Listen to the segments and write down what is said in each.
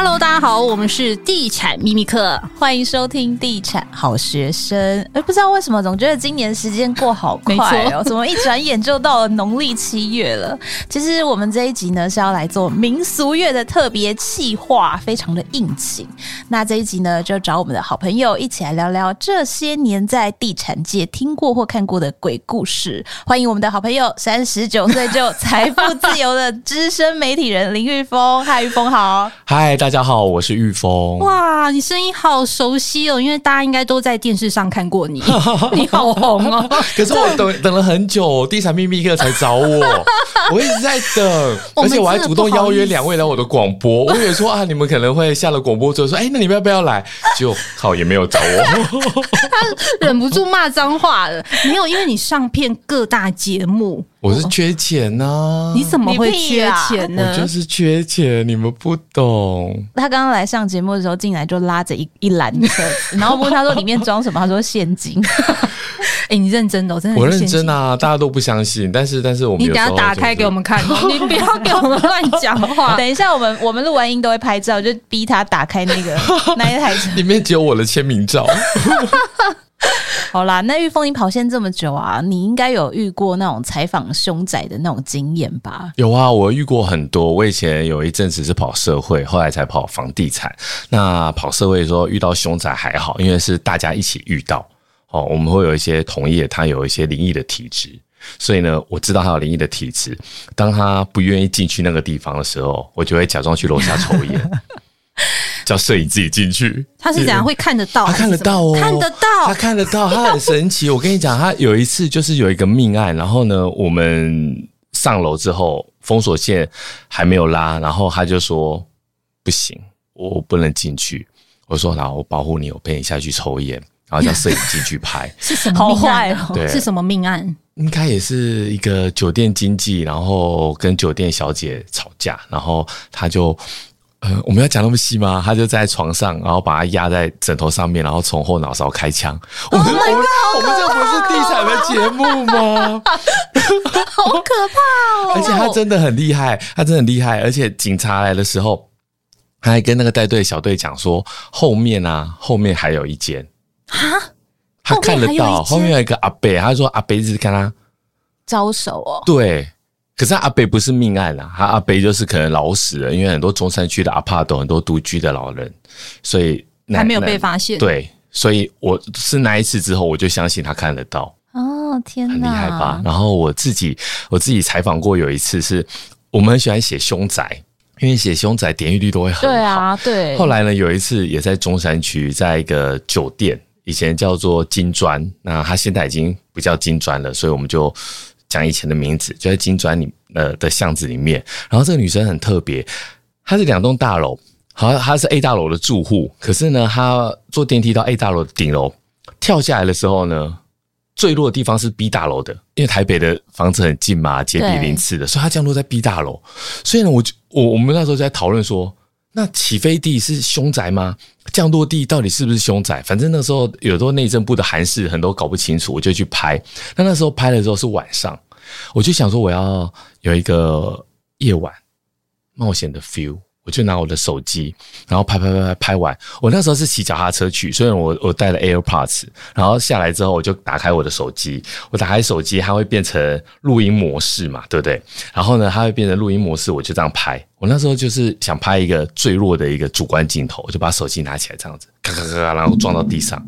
Hello，大家好，我們是地產秘密客，歡迎收聽地產好學生。哎、欸，不知道為什麼總覺得今年的時間過好快哦、喔，沒錯 怎麼一轉眼就到了農曆七月了？其實我們這一集呢是要來做民俗月的特別企劃，非常的應景。那這一集呢，就找我們的好朋友一起來聊聊這些年在地產界聽過或看過的鬼故事。歡迎我們的好朋友，三十九歲就財富自由的資深媒體人林裕豐。嗨，裕豐好。嗨。大家好，我是玉峰。哇，你聲音好熟悉哦，因為大家應該都在電視上看過你。你好紅啊、哦！ 可是我等等了很久，地產秘密客才找我， 我一直在等，而且我還主動邀約兩位來我的廣播。我以為說，啊，你們可能會下了廣播之後說，哎、欸，那你們要不要來？就好也沒有找我。 他忍不住罵髒話了，沒有，因為你上片各大節目。我是缺錢呢、啊哦，你怎麼會缺錢呢？啊，我就是缺錢，你們不懂。他剛剛來上節目的時候，進來就拉着一一籃子，然後問他說裡面裝什麼？ 他說現金。哎、 欸，你認真的、哦？我真的是？我認真啊！大家都不相信，但是但是我們有你等下打開給我們看，你不要給我們亂講話。 等一下我們，我們我們錄完音都會拍照，就逼他打開那個那一台車，裡面只有我的簽名照。 好啦，那裕豐，你跑線這麼久啊，你應該有遇過那種採訪凶宅的那種經驗吧？有啊，我遇過很多。我以前有一陣子是跑社會，後來才跑房地產。那跑社會的時候遇到凶宅還好，因為是大家一起遇到，哦，我們會有一些同業，他有一些靈異的體質，所以呢，我知道他有靈異的體質。當他不願意進去那個地方的時候，我就會假裝去樓下抽煙。 叫攝影自己進去，他是怎樣會看得到？他看得到哦，看得到，他看得到，他很神奇。 我跟你講，他有一次就是有一個命案，然後呢，我們上樓之後，封鎖線還沒有拉，然後他就說：“不行，我不能進去。”我說：“好，我保護你，我陪你下去抽煙。”然後叫攝影機去拍 是什麼命案？對，是什麼命案？應該也是一個酒店經濟，然後跟酒店小姐吵架，然後他就。呃，我們要講那麼細嗎？他就在床上，然後把他壓在枕頭上面，然後從後腦勺開槍。Oh my God, 我們我們我們這不是地產的節目嗎？好可怕哦！ 好可怕哦，而且他真的很厲害，他真的很厲害。而且警察來的時候，他還跟那個帶隊小隊講說，後面啊，後面還有一間啊。他看得到後面，後面有一個阿伯，他說阿伯一直跟他招手哦。對。可是阿北不是命案啦，啊，他阿北就是可能老死了，因為很多中山區的阿帕多很多獨居的老人，所以還沒有被發現。對，所以我是那一次之後，我就相信他看得到。哦，天哪，呐，厲害吧？然後我自己我自己採訪過有一次是，是我們很喜歡寫凶宅，因為寫凶宅點閱率都會很高。對啊，對。後來呢，有一次也在中山區，在一個酒店，以前叫做金磚，那他現在已經不叫金磚了，所以我們就。講以前的名字，就在金磚里呃的巷子裡面。然後這個女生很特別，她是兩棟大樓，好像她是 A 大樓的住戶。可是呢，她坐電梯到 A 大樓的頂樓跳下來的時候呢，墜落的地方是 B 大樓的，因為台北的房子很近嘛，街比鄰次的，對所以她降落在 B 大樓。所以呢，我就我我們那時候就在討論說。那起飛地是凶宅嗎？降落地到底是不是凶宅？反正那時候有時候內政部的函釋很多搞不清楚，我就去拍。那那時候拍了之後是晚上，我就想說我要有一個夜晚冒險的 feel。我就拿我的手機，然後拍拍拍拍拍，拍完。我那時候是騎腳踏車去，所以我我帶了 AirPods，然後下來之後我就打開我的手機。我打開手機，它會變成錄音模式嘛，對不對？然後呢，它會變成錄音模式，我就這樣拍。我那時候就是想拍一個墜落的一個主觀鏡頭，我就把手機拿起來這樣子，咔咔咔，然後撞到地上。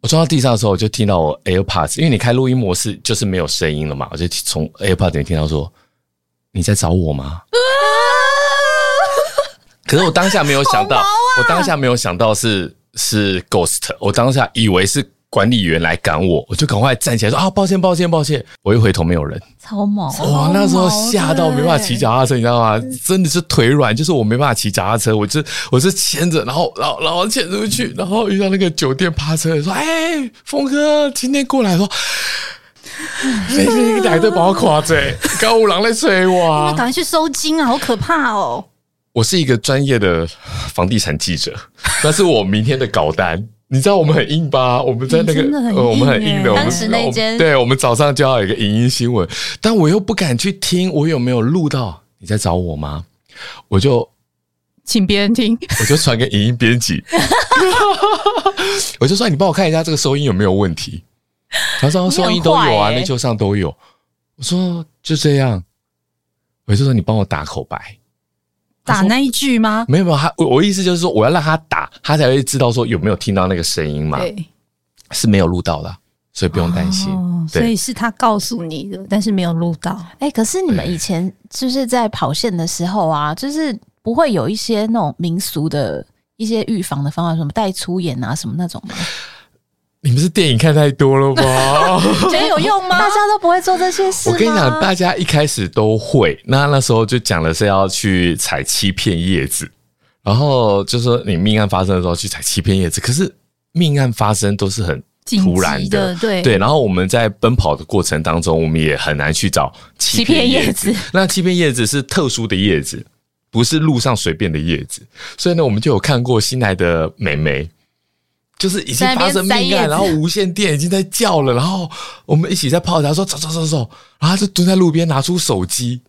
我撞到地上的時候，我就聽到我 AirPods，因為你開錄音模式就是沒有聲音了嘛，我就從 AirPods 裡面聽到說你在找我嗎？可是我當下沒有想到，啊、我當下沒有想到是是 ghost，我當下以為是管理員來趕我，我就趕快站起來說啊，抱歉抱歉抱歉！我一回頭沒有人，超猛哇，那時候嚇到我沒辦法騎腳踏車，你知道嗎？真的是腿軟，就是我沒辦法騎腳踏車，我就我就牽着，然後然後然後牽出去，然後遇到那個酒店趴車說，哎、欸，峰哥今天過來說，你個還在把我誇着，剛有人來催我，趕快去收金啊，好可怕哦！我是一個專業的房地產記者，那是我明天的稿單。你知道我們很硬吧？我們在那個，呃、我們很硬的。當時那間，我們，對，我們早上就要有一個影音新聞，但我又不敢去聽，我有沒有錄到？你在找我嗎？我就請別人聽，我就傳給影音編輯， 我就說你幫我看一下這個收音有沒有問題。他說，說收音都有啊，那、欸、球上都有。我說就這樣，我就說你幫我打口白。打那一句嗎？沒有沒有，他我我意思就是說，我要讓他打，他才會知道說有沒有聽到那個聲音嘛。對，是沒有錄到的，所以不用擔心。Oh, 對所以是他告訴你的，但是沒有錄到。哎對、欸，可是你們以前就是在跑線的時候啊，對就是不會有一些那種民俗的一些預防的方法，什麼帶粗鹽啊，什麼那種的。 你們是電影看太多了吧？ 覺得有用嗎？ 大家都不會做這些事。我跟你講，大家一開始都會。那那時候就講了是要去採七片葉子，然後就說你命案發生的時候去採七片葉子。可是命案發生都是很突然的，的對對。然後我們在奔跑的過程當中，我們也很難去找七片葉子。七片葉子，那七片葉子是特殊的葉子，不是路上隨便的葉子。所以呢，我們就有看過新來的美眉。就是已經發生命案，然後無線電已經在叫了，然後我們一起在泡茶說走走走走，然後就蹲在路邊拿出手機，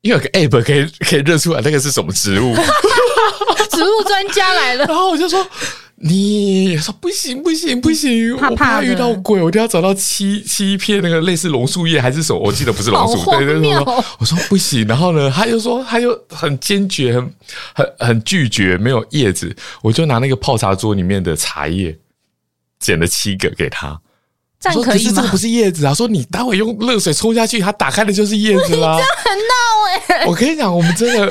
因為有個 app 可以可以認出來那個是什麼植物， 植物專家來了，然後我就說。你說不行不行不行，不怕，怕我怕遇到鬼，我都要找到七七片那個類似榕樹葉還是什麼？我記得不是榕樹。對說，我說不行，然後呢，他又說他又很堅決，很很很拒絕沒有葉子，我就拿那個泡茶桌裡面的茶葉撿了七個給他。我說可是這個不是葉子啊，說你待會用熱水沖下去，它打開的就是葉子啦。這樣很鬧哎、欸，我跟你講，我們真的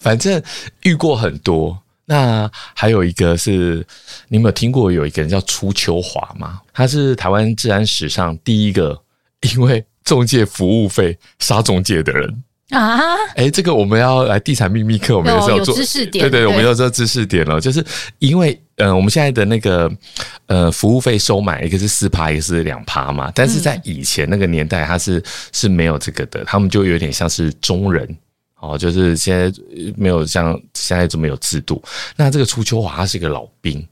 反正遇過很多。那還有一個是，你有沒有聽過有一個人叫初秋華嗎？他是台灣治安史上第一個因為仲介服務費殺仲介的人啊！哎、欸，這個我們要來地產秘密客，我們也是要做、哦、知識點。對，對對，我們是要做知識點了，對就是因為呃，我們現在的那個呃服務費收買一，一個是四趴，一個是兩趴嘛。但是在以前那個年代，他是是沒有這個的，嗯、他們就有點像是中人。哦，就是現在沒有像現在這麼有制度。那這個朱秋華他是一個老兵，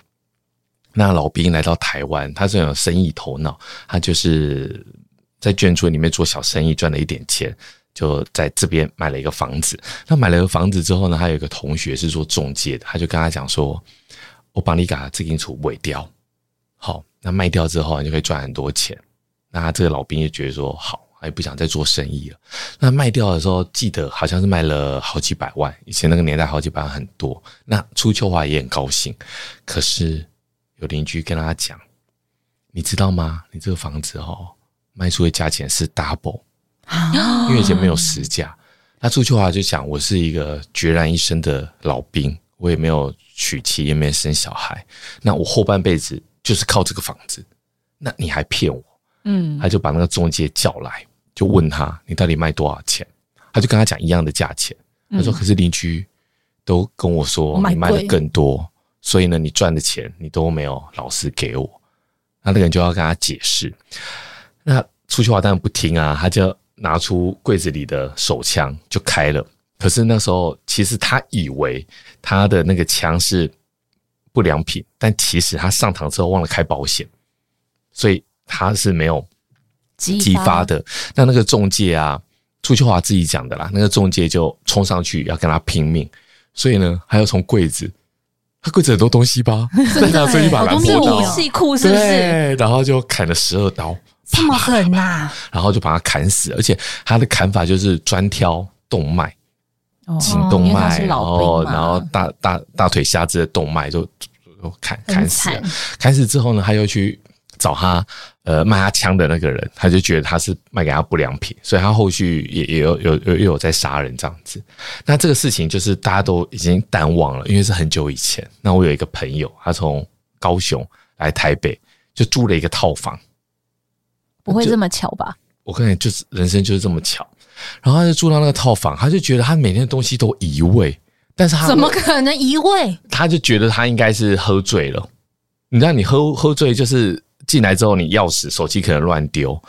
那老兵來到台灣，他是很有生意頭腦，他就是在眷村裡面做小生意，賺了一點錢，就在這邊買了一個房子。那買了個房子之後呢，他有一個同學是做仲介的，他就跟他講說：“我幫你把他這間厝賣掉，好，那賣掉之後你就可以賺很多錢。”那他這個老兵就覺得說：“好。”也不想再做生意了。那賣掉的時候，記得好像是賣了好幾百萬。以前那個年代，好幾百萬很多。那朱秋華也很高興。可是有鄰居跟他講：“你知道嗎？你這個房子哦，賣出去的價錢是 double，因為以前沒有實價。”那朱秋華就講：“我是一個孑然一身的老兵，我也沒有娶妻，也沒有生小孩。那我後半輩子就是靠這個房子。那你還騙我？”嗯，他就把那個中介叫來，就問他：“你到底賣多少錢？”他就跟他講一樣的價錢。嗯，他說：“可是鄰居都跟我說你賣的更多，歸所以呢，你賺的錢你都沒有老實給我。”那那個人就要跟他解釋。那出去玩，當然不聽啊，他就拿出櫃子裡的手槍就開了。可是那時候其實他以為他的那個槍是不良品，但其實他上膛之後忘了開保險，所以。他是沒有激發的，但發那，那個仲介啊，朱秋華自己講的啦，那個仲介就衝上去要跟他拼命，所以呢，還要從櫃子，他櫃子很多東西吧，然後、欸、一把榔頭，東西武器庫是不是？然後就砍了十二刀，這麼狠呐，啊！然後就把他砍死了，而且他的砍法就是專挑動脈，頸、哦、動脈，然後然後大大大腿下肢的動脈就，就，就砍砍死了，慘砍死之後呢，他又去。找他，呃，賣他槍的那個人，他就覺得他是賣給他不良品，所以他後續也也有有又有在殺人這樣子。那這個事情就是大家都已經淡忘了，因為是很久以前。那我有一個朋友，他從高雄來台北，就租了一個套房。不會這麼巧吧？我跟你就是人生就是這麼巧。然後他就住到那個套房，他就覺得他每天的東西都移位，但是他怎麼可能移位？他就覺得他應該是喝醉了。你知道，你喝喝醉就是。進來之後，你鑰匙、手機可能亂丟，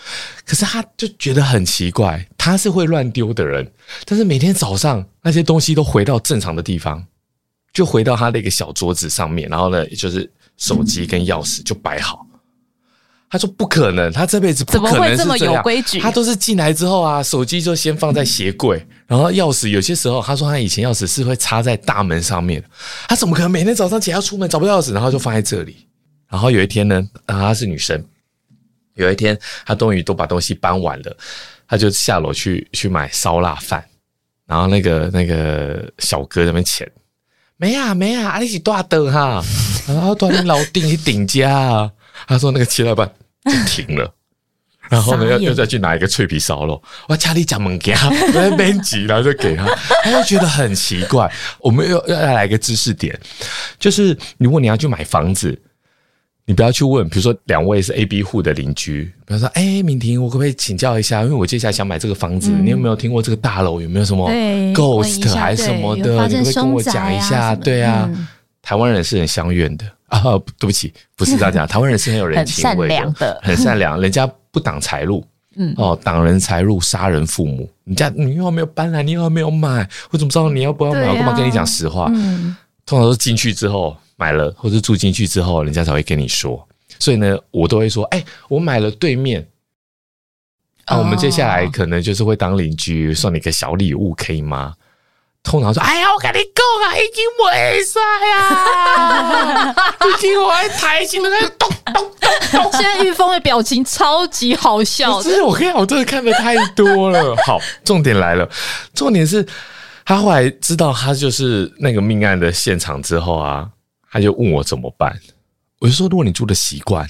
可是他就覺得很奇怪。他是會亂丟的人，但是每天早上那些東西都回到正常的地方，就回到他的一個小桌子上面。然後呢，就是手機跟鑰匙就擺好。他說不可能，他這輩子不可能，怎麼會這麼有規矩？他都是進來之後啊，手機就先放在鞋櫃，然後鑰匙有些時候他說他以前鑰匙是會插在大門上面。他怎麼可能每天早上起來要出門找不到鑰匙，然後就放在這裡？然後有一天呢，她、啊、是女生。有一天，她終於都把東西搬完了，她就下樓去去買燒臘飯。然後那個那個小哥在那邊切沒啊沒啊，阿弟幾多的哈、啊？然後突然間老丁一頂家。 他說那個切到半就停了， 然後呢 又再去拿一個脆皮燒肉。 我家裡講門給在那邊，然後就給他。他就覺得很奇怪。我們又要來一個知識點，就是如果你要去買房子。你不要去問，比如說，兩位是 A B 戶的鄰居，比如說，哎，敏婷，我可不可以請教一下？因為我接下來想買這個房子，你有沒有聽過這個大樓有沒有什麼 ghost 還是什麼的？你可不可以跟我講一下？對啊，台灣人是很相願的啊。對不起，不是這樣講，台灣人是很有人情味的，很善良，人家不擋財路，哦，擋人財路，殺人父母。人家，你又沒有搬來，你又沒有買，我怎麼知道你要不要買？我幹嘛跟你講實話？通常都進去之後。買了或是住進去之後，人家才會跟你說。所以呢，我都會說：“哎、欸，我買了對面、哦、啊，我們接下來可能就是會當鄰居，送你個小禮物，可以嗎？”通常說：“哎呀，我跟你講啊，已經沒事啊，已經、啊、 我台積那在咚咚咚。咚”咚現在裕豐的表情超級好笑，真的，我跟你講，我真的看的太多了。好，重點來了，重點是他後來知道他就是那個命案的現場之後啊。他就問我怎麼辦，我就說：如果你住的習慣，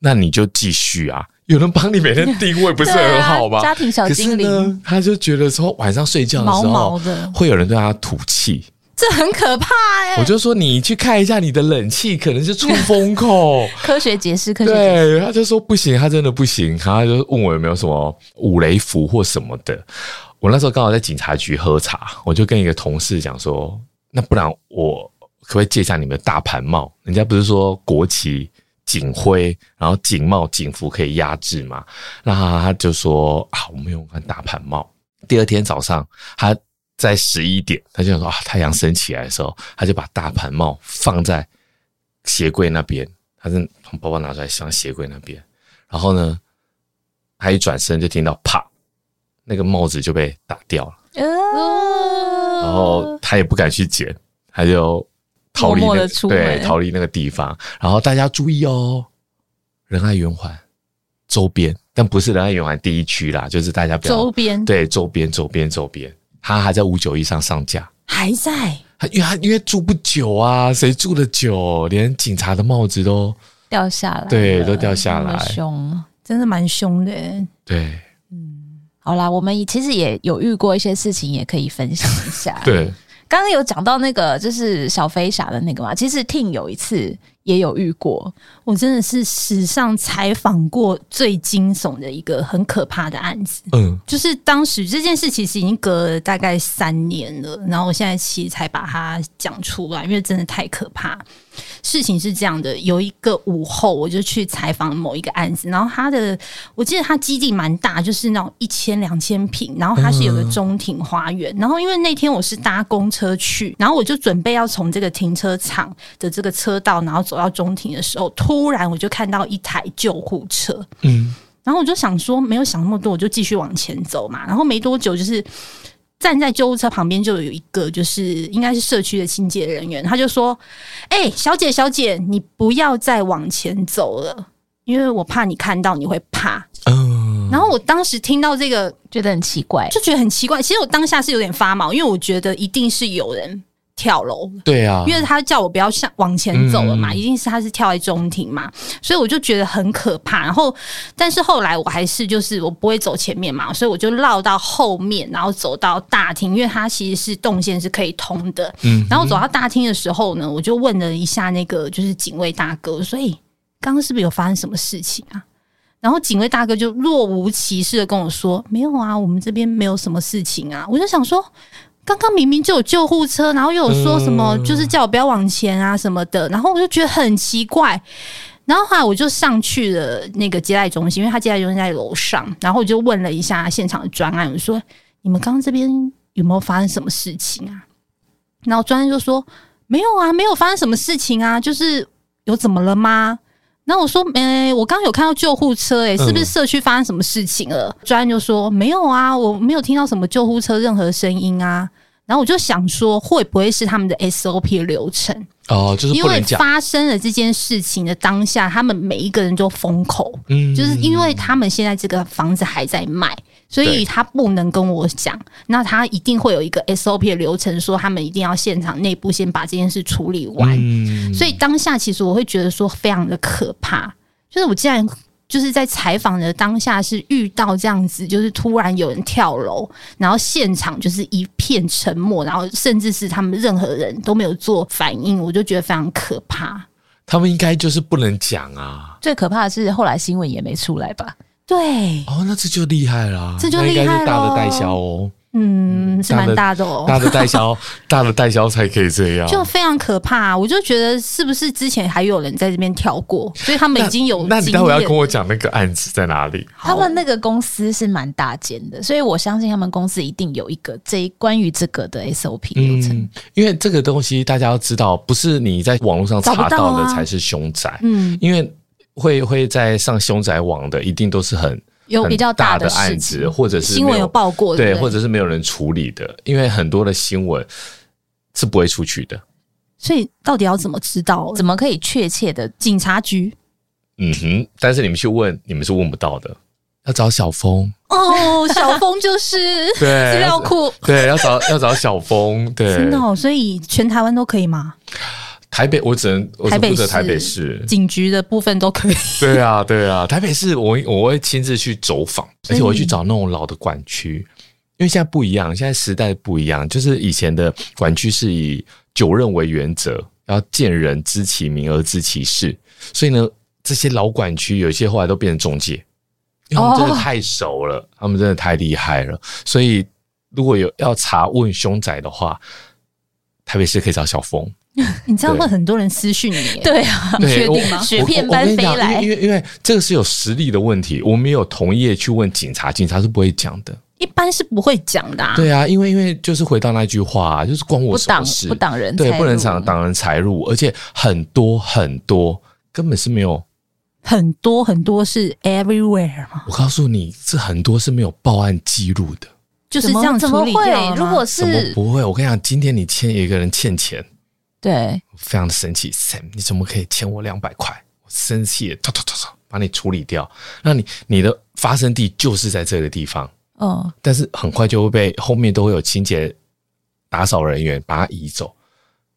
那你就繼續啊。有人幫你每天定位，不是很好嗎？啊、家庭小精靈，他就覺得說晚上睡覺的時候毛毛的，會有人對他吐氣，這很可怕哎、欸。我就說你去看一下你的冷氣，可能是出風口。 科學解釋，科學解釋。對，他就說不行，他真的不行。然後他就問我有沒有什麼五雷符或什麼的。我那時候剛好在警察局喝茶，我就跟一個同事講說：那不然我，可不可以借一下你們的大盤帽？人家不是說國旗、警徽，然後警帽、警服可以壓制嗎？那他就說啊，我沒有看大盤帽。第二天早上，他在十一點，他就說啊，太陽升起來的時候，他就把大盤帽放在鞋櫃那邊，他是從包包拿出來，放鞋櫃那邊。然後呢，他一轉身就聽到啪，那個帽子就被打掉了。啊、然後他也不敢去撿，他就。逃離那個對，逃離那個地方。然後大家注意哦，仁愛圓環周邊，但不是仁愛圓環第一區啦，就是大家不要周邊。對，周邊，周邊，周邊，他還在五九一上上架，還在。因為他因為住不久啊，誰住得久，連警察的帽子都掉下來，對，都掉下來，凶，真的蠻凶的。對，嗯，好啦，我們其實也有遇過一些事情，也可以分享一下。對。剛剛有講到那個就是小飛俠的那個嘛，其實 Tim 有一次也有遇過，我真的是史上採訪過最驚悚的一個很可怕的案子。嗯，就是當時這件事其實已經隔了大概三年了，然後我現在其實才把它講出來，因為真的太可怕。事情是這樣的，有一個午後，我就去採訪某一個案子，然後他的，我記得他基地蠻大，就是那種一千兩千坪，然後它是有個中庭花園。嗯、然後因為那天我是搭公車去，然後我就準備要從這個停車場的這個車道，然後走到中庭的時候，突然我就看到一台救護車，嗯，然後我就想說沒有想那麼多，我就繼續往前走嘛，然後沒多久就是。站在救護車旁邊，就有一個就是應該是社區的清潔人員，他就說：“哎，小姐，小姐，你不要再往前走了，因為我怕你看到你會怕。”嗯，然後我當時聽到這個覺得很奇怪，就覺得很奇怪。其實我當下是有點發毛，因為我覺得一定是有人。跳樓，對啊，因為他叫我不要向往前走了嘛，嗯嗯，一定是他是跳在中庭嘛，所以我就覺得很可怕。然後，但是後來我還是就是我不會走前面嘛，所以我就繞到後面，然後走到大廳，因為他其實是動線是可以通的。嗯嗯，然後走到大廳的時候呢，我就問了一下那個就是警衛大哥，所以剛剛是不是有發生什麼事情啊？然後警衛大哥就若無其事的跟我說：“沒有啊，我們這邊沒有什麼事情啊。”我就想說。剛剛明明就有救護車，然後又有說什麼，就是叫我不要往前啊什麼的，嗯、然後我就覺得很奇怪。然後後來我就上去了那個接待中心，因為他接待中心在樓上，然後我就問了一下現場的專案，我說：“你們剛剛這邊有沒有發生什麼事情啊？”然後專案就說：“沒有啊，沒有發生什麼事情啊，就是有怎麼了嗎？”那我說，誒，欸，我剛剛有看到救護車，欸，誒，是不是社區發生什麼事情了？嗯，專案就說沒有啊，我沒有聽到什麼救護車任何聲音啊。然後我就想說，會不會是他們的 SOP 流程？哦，就是不，因為發生了這件事情的當下，他們每一個人都封口，嗯，就是因為他們現在這個房子還在賣。所以他不能跟我講，對那他一定會有一個 SOP 的流程，說他們一定要現場內部先把這件事處理完。嗯，所以當下其實我會覺得說非常的可怕，就是我竟然就是在採訪的當下是遇到這樣子，就是突然有人跳樓，然後現場就是一片沉默，然後甚至是他們任何人都沒有做反應，我就覺得非常可怕。他們應該就是不能講啊！最可怕的是後來新聞也沒出來吧。對哦，那這就厲害啦。這就厲害啦。那應該是大的代銷哦，嗯，嗯，是蠻大的哦，大的代銷， 大的代銷才可以這樣，就非常可怕。我就覺得是不是之前還有人在這邊跳過，所以他們已經有經驗了。那你待會兒要跟我講那個案子在哪裡？他們那個公司是蠻大間的，所以我相信他們公司一定有一個這一關於這個的 SOP 流程。嗯，因為這個東西大家要知道，不是你在網絡上查到的才是凶宅，啊，嗯，因為。會會在上凶宅網的，一定都是很有比較大的，大的案子，或者是新聞有報過，對，對，對，或者是沒有人處理的，因為很多的新聞是不會出去的。所以到底要怎麼知道？怎麼可以確切的？警察局，嗯哼，但是你們去問，你們是問不到的。要找小峰哦，小峰就是 對資料庫，對，要找要找小峰，對。真的哦，所以全台灣都可以嗎？台北，我只能我是負責台北市警局的部分都可以。 對啊，對啊，台北市我我會親自去走訪，以而且我會去找那種老的管區，因為現在不一樣，現在時代不一樣，就是以前的管區是以久任為原則，要見人知其名而知其事，所以呢，這些老管區有一些後來都變成中介，因為他們真的太熟了，哦、他們真的太厲害了，所以如果有要查問兇宅的話。台北市可以找小峰， 你知道會很多人私信你，對啊，你確對定嗎？雪片般飛來，因為因為，因為這個是有實力的問題，我們有同業去問警察，警察是不會講的，一般是不會講的，啊，對啊，因為因為就是回到那句話，啊，就是關我什麼事，不擋人，對，不能擋擋人財路，而且很多很多根本是沒有，很多很多是 everywhere，我告訴你，這很多是沒有報案記錄的。就是這樣處理掉嗎？怎麼不會？我跟你講，今天你欠一個人欠錢，對，非常的生氣。Sam，你怎麼可以欠我兩百塊？我生氣，突突突把你處理掉。那你你的發生地就是在這個地方，哦、嗯。但是很快就會被後面都會有清潔打掃人員把它移走。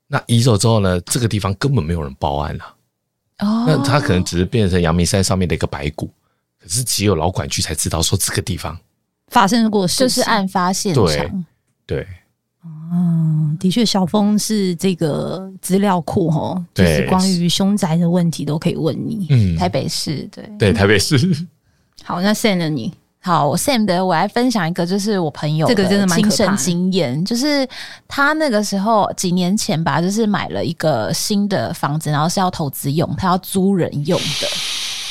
那移走之後呢？這個地方根本沒有人報案了。哦。那他可能只是變成陽明山上面的一個白骨，可是只有老管區才知道說這個地方發生過事，就是案發現場。對，對嗯，的確,小峰是這個資料庫吼，對就是關於兇宅的問題都可以問你。嗯，台北市，對，對，台北市。好，那 Sam 的你好，Sam 的，我來分享一個，就是我朋友這個真的親身經驗，就是他那個時候幾年前吧，就是買了一個新的房子，然後是要投資用，他要租人用的，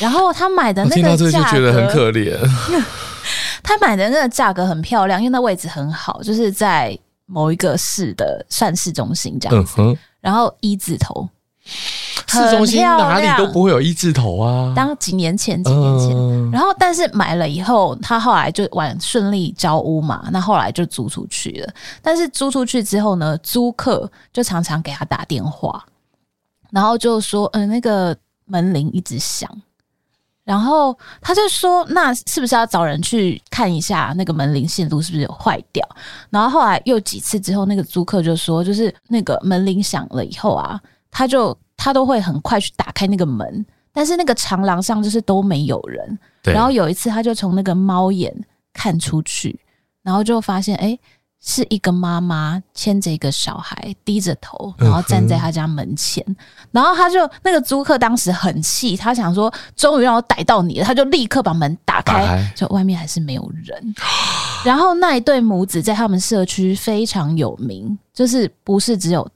然後他買的那個價格，聽到這就覺得很可憐。 他買的那個價格很漂亮，因為那位置很好，就是在某一個市的算市中心這樣子。嗯嗯、然後一字頭，市中心哪裡都不會有一字頭啊。當幾年前，幾年前，嗯、然後但是買了以後，他後來就完順利交屋嘛。那後來就租出去了。但是租出去之後呢，租客就常常給他打電話，然後就說：“嗯、呃，那個門鈴一直響。”然後他就說：“那是不是要找人去看一下那個門鈴線路是不是有壞掉？”然後後來又幾次之後，那個租客就說：“就是那個門鈴響了以後啊，他就他都會很快去打開那個門，但是那個長廊上就是都沒有人。對”然後有一次，他就從那個貓眼看出去，然後就發現哎。誒是一個媽媽牽着一個小孩，低着頭，然後站在他家門前。嗯，然後他就那個租客當時很氣，他想說：“終於讓我逮到你了！”他就立刻把門打開，打開就外面還是沒有人。打開。然後那一對母子在他們社區非常有名，就是不是只有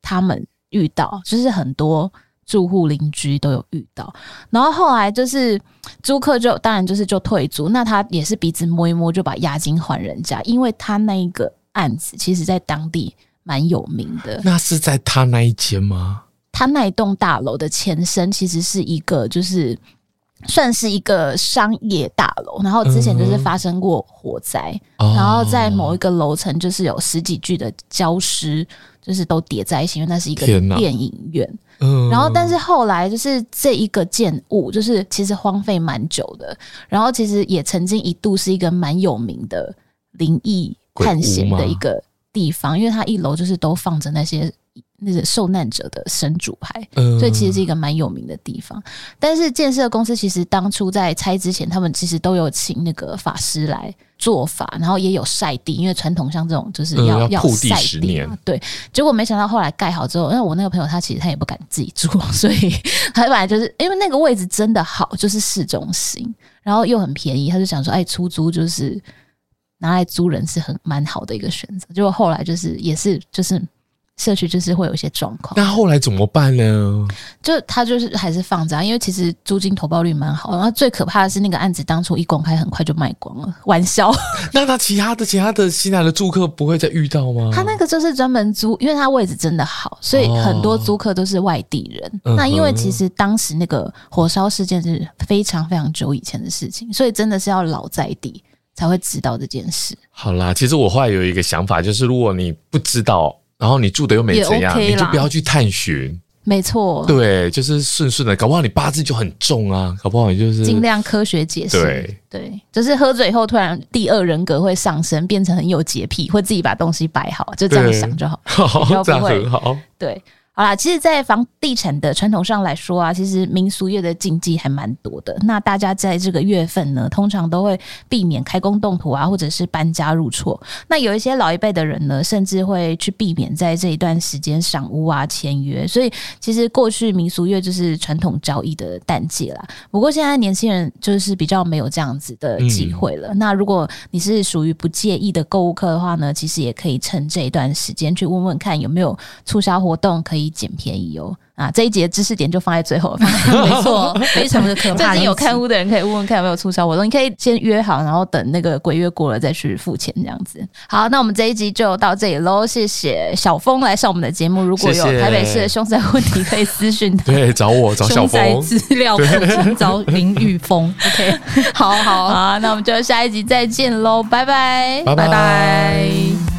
他們遇到，就是很多。住戶鄰居都有遇到，然後後來就是租客就當然就是就退租，那他也是鼻子摸一摸就把押金還人家，因為他那一個案子其實在當地蠻有名的。那是在他那一間嗎？他那一棟大樓的前身其實是一個就是。算是一個商業大樓，然後之前就是發生過火災，嗯嗯然後在某一個樓層就是有十幾具的焦屍，就是都疊在一起，因為那是一個電影院。啊嗯、然後但是後來就是這一個建物就是其實荒廢蠻久的，然後其實也曾經一度是一個蠻有名的靈異探險的一個地方，因為它一樓就是都放着那些。那些受難者的神主牌，所以其實是一個蠻有名的地方。呃、但是建設公司其實當初在拆之前，他們其實都有請那個法師來做法，然後也有曬地，因為傳統像這種就是要，呃、要曬地十年。對，結果沒想到後來蓋好之後，因為我那個朋友他其實他也不敢自己住，所以他本來就是因為那個位置真的好，就是市中心，然後又很便宜，他就想說，哎，出租就是拿來租人是很蠻好的一個選擇。結果後來就是也是就是。社區就是會有一些狀況，那後來怎麼辦呢？就他就是還是放着，因為其實租金投報率蠻好。然後最可怕的是那個案子當初一公開，很快就賣光了，玩笑。那他其他的其他的新來的住客不會再遇到嗎？他那個就是專門租，因為他位置真的好，所以很多租客都是外地人。哦。那因為其實當時那個火燒事件是非常非常久以前的事情，所以真的是要老在地才會知道這件事。好啦，其實我後來有一個想法，就是如果你不知道。然後你住的又沒怎樣，OK、你就不要去探尋。沒錯，對，就是順順的，搞不好你八字就很重啊，搞不好你就是盡量科學解釋。對，對，就是喝醉以後突然第二人格會上升，變成很有潔癖，會自己把東西擺好，就這樣想就好，好，這樣很好。對。好啦，其實，在房地產的傳統上來說啊，其實民俗月的禁忌還蠻多的。那大家在這個月份呢，通常都會避免開工動土啊，或者是搬家入厝。那有一些老一輩的人呢，甚至會去避免在這一段時間賞屋啊簽約。所以，其實過去民俗月就是傳統交易的淡季啦。不過，現在年輕人就是比較沒有這樣子的機會了。嗯、那如果你是屬於不介意的購物客的話呢，其實也可以趁這一段時間去問問看有沒有促銷活動可以。撿便宜哦啊！這一集的知識點就放在最後了，放在沒錯， 非常的可怕。最近有看屋的人可以問問看有沒有促銷活動，我說你可以先約好，然後等那個鬼月過了再去付錢，這樣子。好，那我們這一集就到這裡嘍，謝謝小豐來上我們的節目。如果有台北市的凶宅問題，可以私訊他，對，找我，找小豐凶宅資料。對找林裕豐。對 OK，好好、好 那我們就下一集再見嘍，拜拜，拜拜 bye。Bye bye